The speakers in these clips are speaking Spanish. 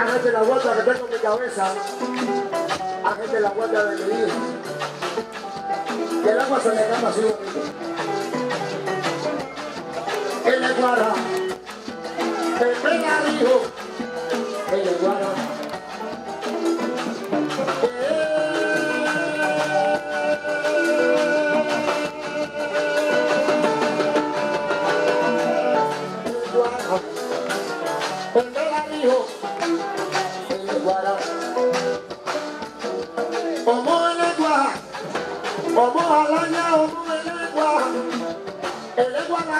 a gente la guarda que tengo mi cabeza, a gente la guarda de mi Que el agua se le da así bonito. Que le guarda, el pega hijo.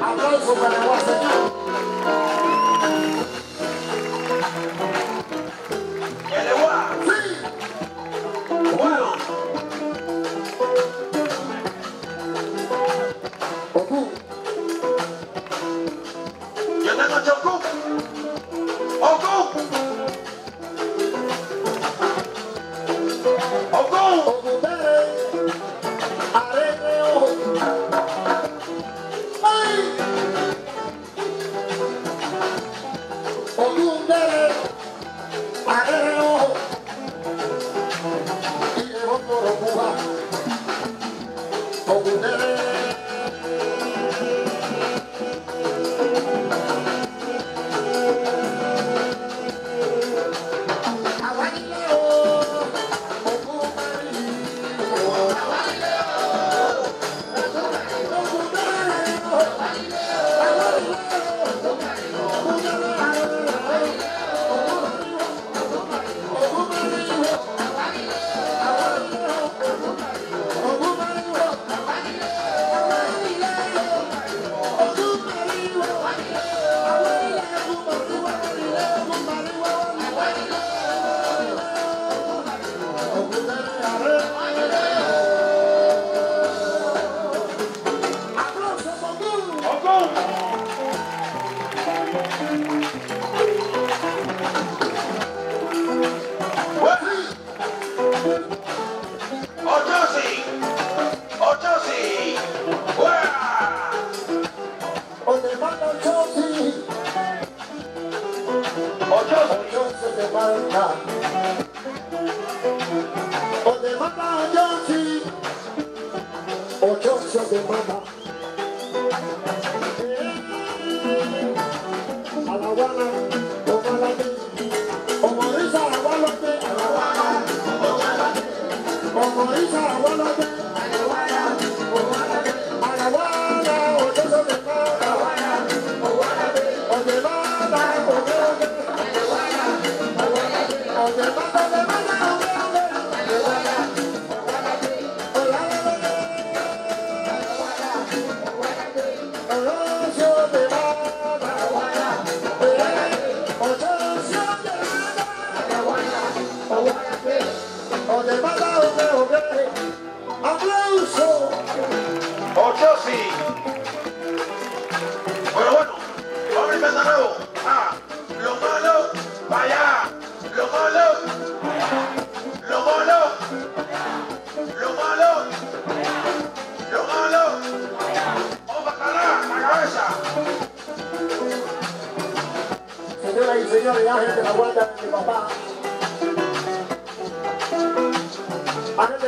Aplausos para la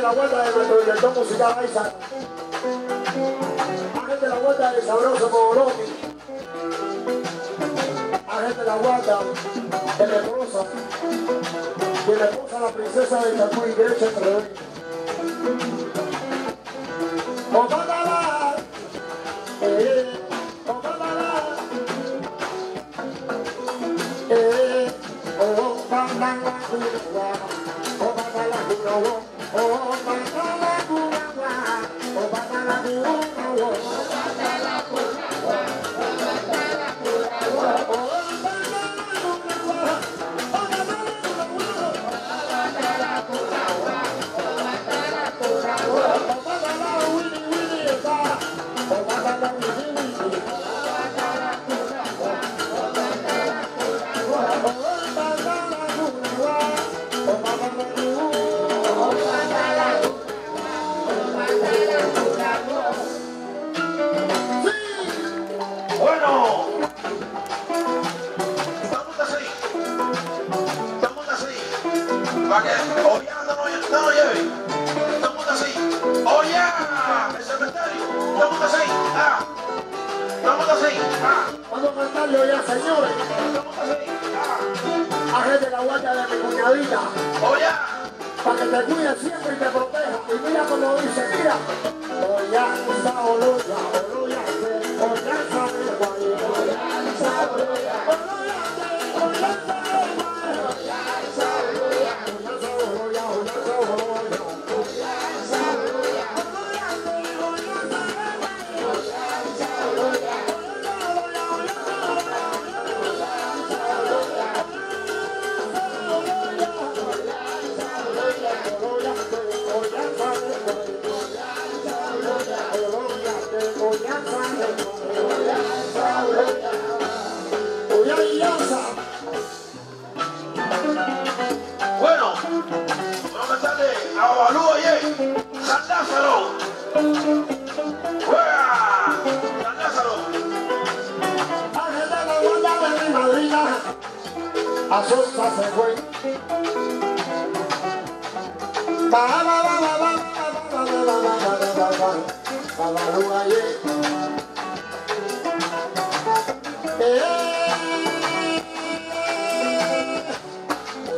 la vuelta de nuestro director musical Aiza. A gente la vuelta de Sabroso A la vuelta de mi esposa. De la esposa, la princesa de y derecha la Eh, Eh, Deus. Vamos así. Vamos a cantarle ya, señores. Vamos así. la guardia de mi cuñadita. Para que te cuide siempre y te proteja. Y mira como dice, mira. Oye, asustarse, güey. hoy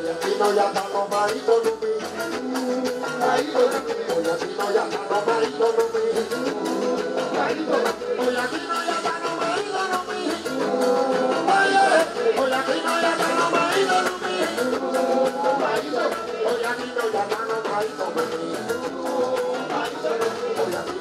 aquí no ya no marido no me, no ya no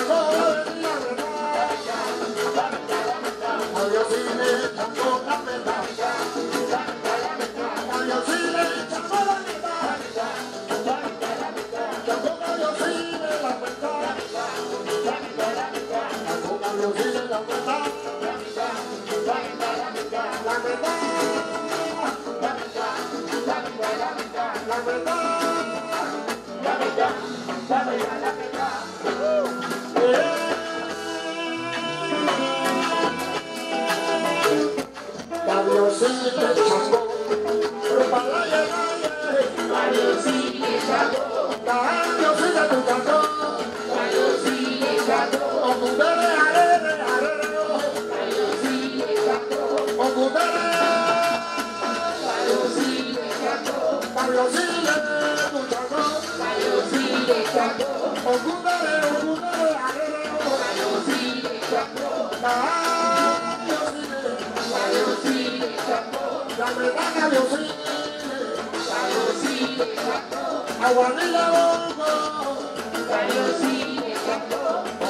La verdad, la verdad, la verdad, la verdad. Àwọn nílẹ̀ ó ń bọ̀.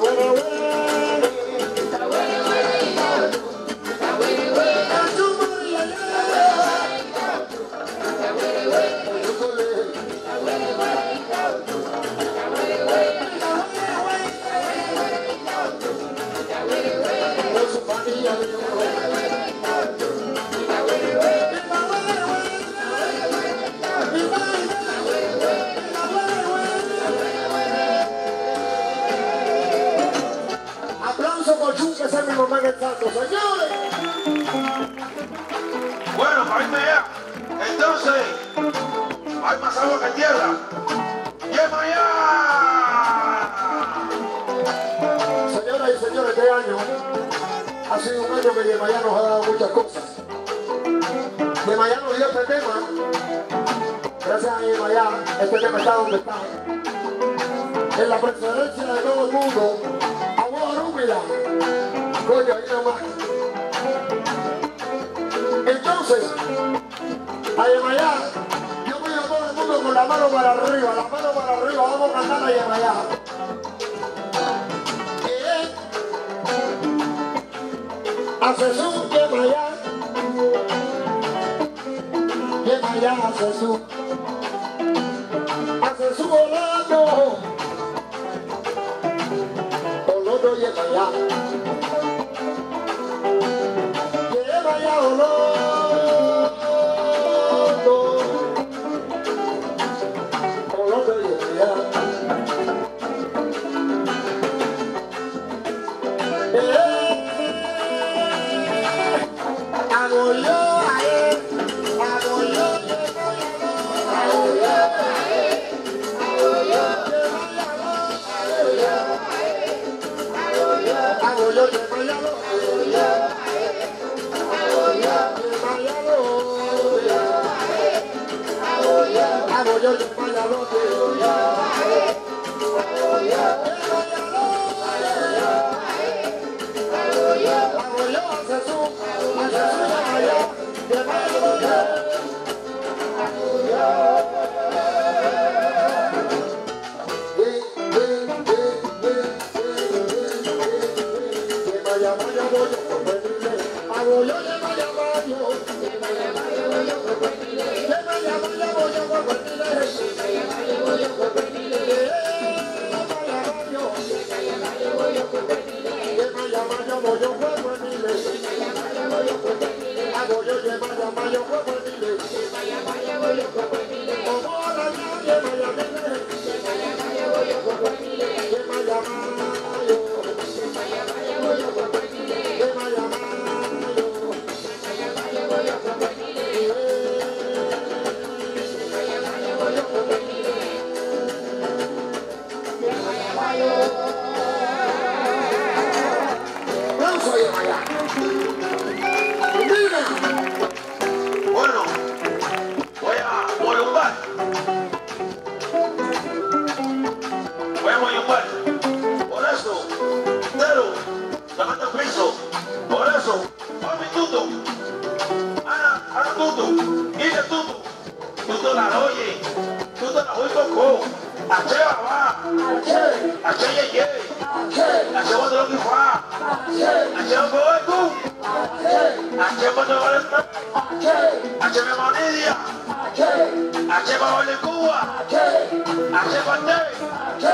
Wait, you? ¡Ay, Entonces, hay más agua que tierra. ¡Yema Señoras y señores, este año ha sido un año que Yemayá nos ha dado muchas cosas. Yemayá nos dio este tema. Gracias a Yemayá, este tema está donde está. En la presidencia de todo el mundo, amor, rúbila. Coño, entonces, Yemayá, yo voy a todo el mundo con la mano para arriba, la mano para arriba, vamos a cantar Ayamayá. Asesú, eh, que Mayá, que Yemayá, hace su volando, volando, y allá. Yeah. Vaya, vaya, voy a comer. sacó. ¿A qué va? ¿A qué? ¿A qué ye? ¿A qué? ¿A lo que va? ¿A qué vos vas tú? ¿A qué? ¿A qué vos vas ¿A qué? ¿A qué me monidia? ¿A qué? ¿A qué va a Cuba? ¿A qué? ¿A qué va a qué?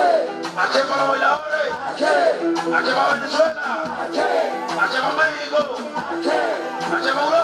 ¿A qué va a ¿A ¿A va a Venezuela? ¿A qué? ¿A va a México? ¿A ¿A a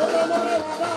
Hallelujah.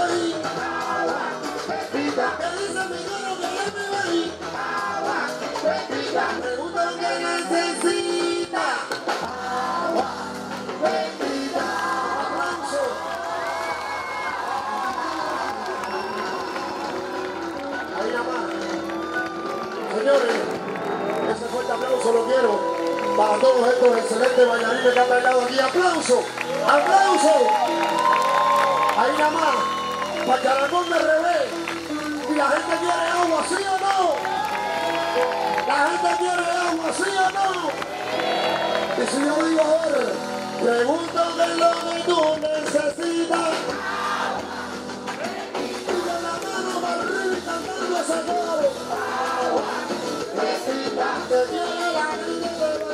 lo quiero para todos estos excelentes bailarines que han aquí. ¡Aplauso! ¡Aplauso! Ahí nada más, para Caracol de revés. Y la gente quiere agua, ¿sí o no? La gente quiere agua, ¿sí o no? Y si yo digo, a pregúntame lo que tú necesitas. Yo